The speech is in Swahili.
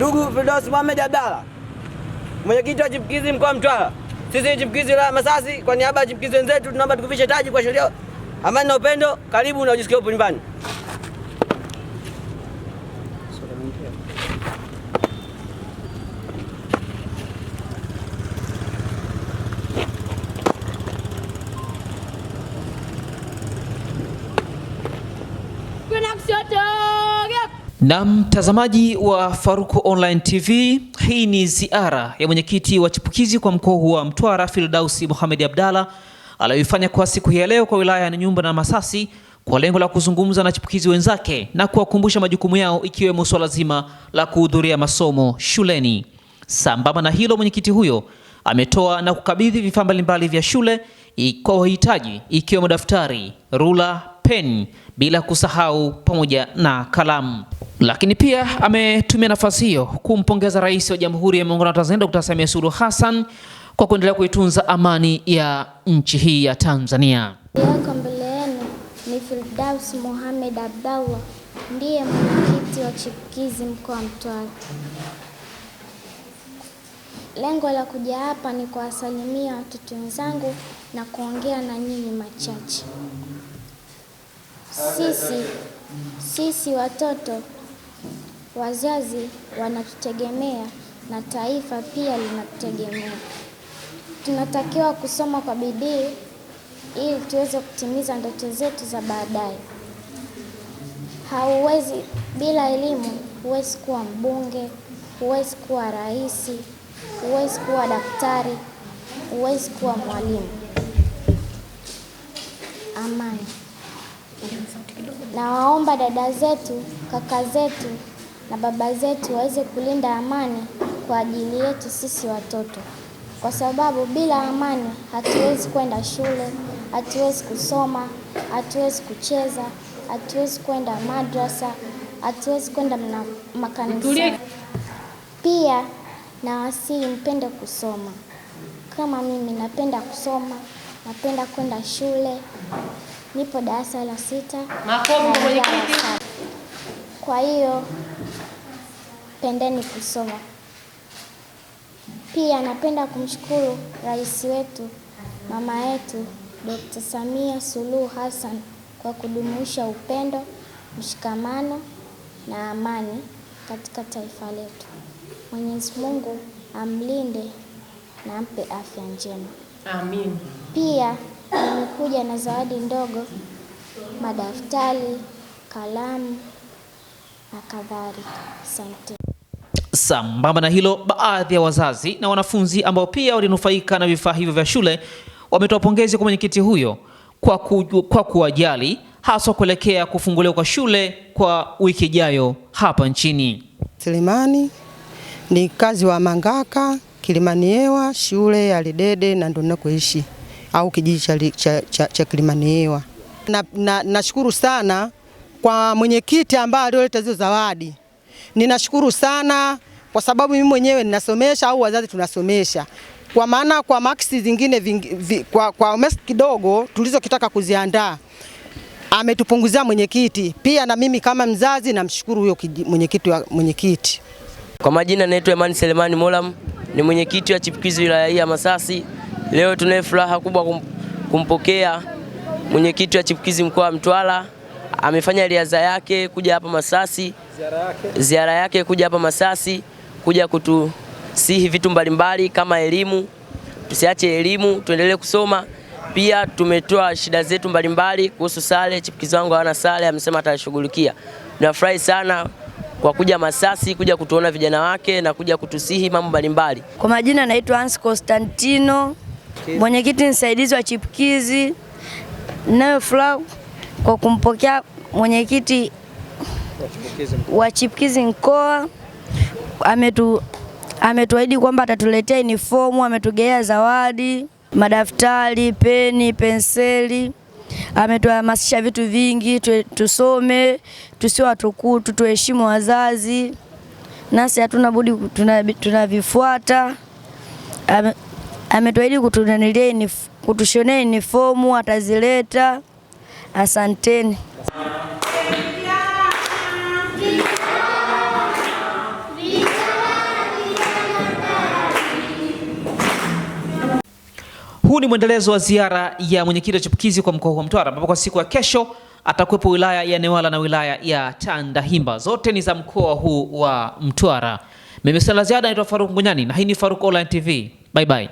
Ndugu Firdaus Mohamed Abdalla, mwenyekiti wa chipukizi mkoa wa Mtwara, sisi chipukizi la Masasi, kwa niaba ya chipukizi wenzetu tunaomba tukuvishe taji kwa sheria, amani na upendo. Karibu na ujisikie upo nyumbani. Na mtazamaji wa Faruku Online TV, hii ni ziara ya mwenyekiti wa chipukizi kwa mkoa huu wa Mtwara Fildausi Mohamed Abdalla aliyoifanya kwa siku hii ya leo kwa wilaya ya nyumba na Masasi kwa lengo la kuzungumza na chipukizi wenzake na kuwakumbusha majukumu yao ikiwemo swala zima la kuhudhuria masomo shuleni. Sambamba na hilo, mwenyekiti huyo ametoa na kukabidhi vifaa mbalimbali vya shule kwa wahitaji ikiwemo daftari, rula, peni, bila kusahau pamoja na kalamu. Lakini pia ametumia nafasi hiyo kumpongeza Rais wa Jamhuri ya Muungano wa Tanzania Dr. Samia Suluhu Hassan kwa kuendelea kuitunza amani ya nchi hii ya Tanzania. Yako mbele yenu ni Firdaus Mohamed Abdallah, ndiye mwenyekiti wa chipukizi mkoa wa Mtwara. Lengo la kuja hapa ni kuwasalimia watoto wenzangu na kuongea na nyinyi machache. Sisi sisi watoto wazazi wanatutegemea na taifa pia linatutegemea. Tunatakiwa kusoma kwa bidii ili tuweze kutimiza ndoto zetu za baadaye. Hauwezi bila elimu, huwezi kuwa mbunge, huwezi kuwa rais, huwezi kuwa daktari, huwezi kuwa mwalimu. Amani. Nawaomba dada zetu, kaka zetu na baba zetu waweze kulinda amani kwa ajili yetu sisi watoto, kwa sababu bila amani hatuwezi kwenda shule, hatuwezi kusoma, hatuwezi kucheza, hatuwezi kwenda madrasa, hatuwezi kwenda makanisa. Pia nawasihi mpende kusoma kama mimi napenda kusoma, napenda kwenda shule nipo darasa la sita. Makofi mwenyekiti. Kwa hiyo pendeni kusoma. Pia napenda kumshukuru rais wetu mama yetu Dr. Samia Suluhu Hassan kwa kudumisha upendo, mshikamano na amani katika taifa letu. Mwenyezi Mungu amlinde na ampe afya njema. Amin. Pia nimekuja na zawadi ndogo, madaftari, kalamu na kadhalika. Asante. Sambamba na hilo, baadhi ya wazazi na wanafunzi ambao pia walinufaika na vifaa hivyo vya shule wametoa pongezi kwa mwenyekiti huyo kwa, ku, kwa kuwajali haswa kuelekea kufunguliwa kwa shule kwa wiki ijayo hapa nchini. Selemani ni kazi wa Mangaka Kilimani Yewa, shule ya Lidede na ndio ninakoishi au kijiji cha, cha, cha, cha Kilimanyewa. Nashukuru na, na sana kwa mwenyekiti ambaye alioleta hizo zawadi. Ninashukuru sana kwa sababu mimi mwenyewe ninasomesha au wazazi tunasomesha kwa maana kwa maksi zingine vingi, vi, kwa, kwa umesi kidogo tulizokitaka kuziandaa ametupunguzia mwenyekiti. Pia na mimi kama mzazi namshukuru huyo mwenyekiti wa mwenyekiti. Kwa majina naitwa Imani Selemani Molam, ni mwenyekiti wa chipukizi wilaya hii ya Masasi. Leo tunaye furaha kubwa kumpokea mwenyekiti wa chipukizi mkoa wa Mtwara. Amefanya riadha yake kuja hapa Masasi, ziara yake, ziara yake kuja hapa Masasi kuja kutusihi vitu mbalimbali kama elimu. Tusiache elimu, tuendelee kusoma. Pia tumetoa shida zetu mbalimbali kuhusu sare. Chipukizi wangu hawana sare, amesema atashughulikia. Nafurahi sana kwa kuja Masasi kuja kutuona vijana wake na kuja kutusihi mambo mbalimbali. Kwa majina naitwa Hans Constantino. Mwenyekiti msaidizi wa chipukizi, nayo furaha kwa kumpokea mwenyekiti wa chipukizi mkoa. Ametu ametuahidi kwamba atatuletea unifomu ametugea zawadi, madaftari, peni, penseli. Ametuhamasisha vitu vingi tusome tusio watukutu, tuheshimu wazazi, nasi hatuna budi tunavifuata tuna ametuahidi kutunanilia kutushonea fomu atazileta. Asanteni. Huu ni mwendelezo wa ziara ya mwenyekiti wa chipukizi kwa mkoa wa Mtwara ambapo kwa siku ya kesho atakuwepo wilaya ya Newala na wilaya ya Tandahimba, zote ni za mkoa huu wa Mtwara. Mimi sina la ziada, naitwa Faruk Mgunyani na hii ni Faruk Online TV. Bye bye.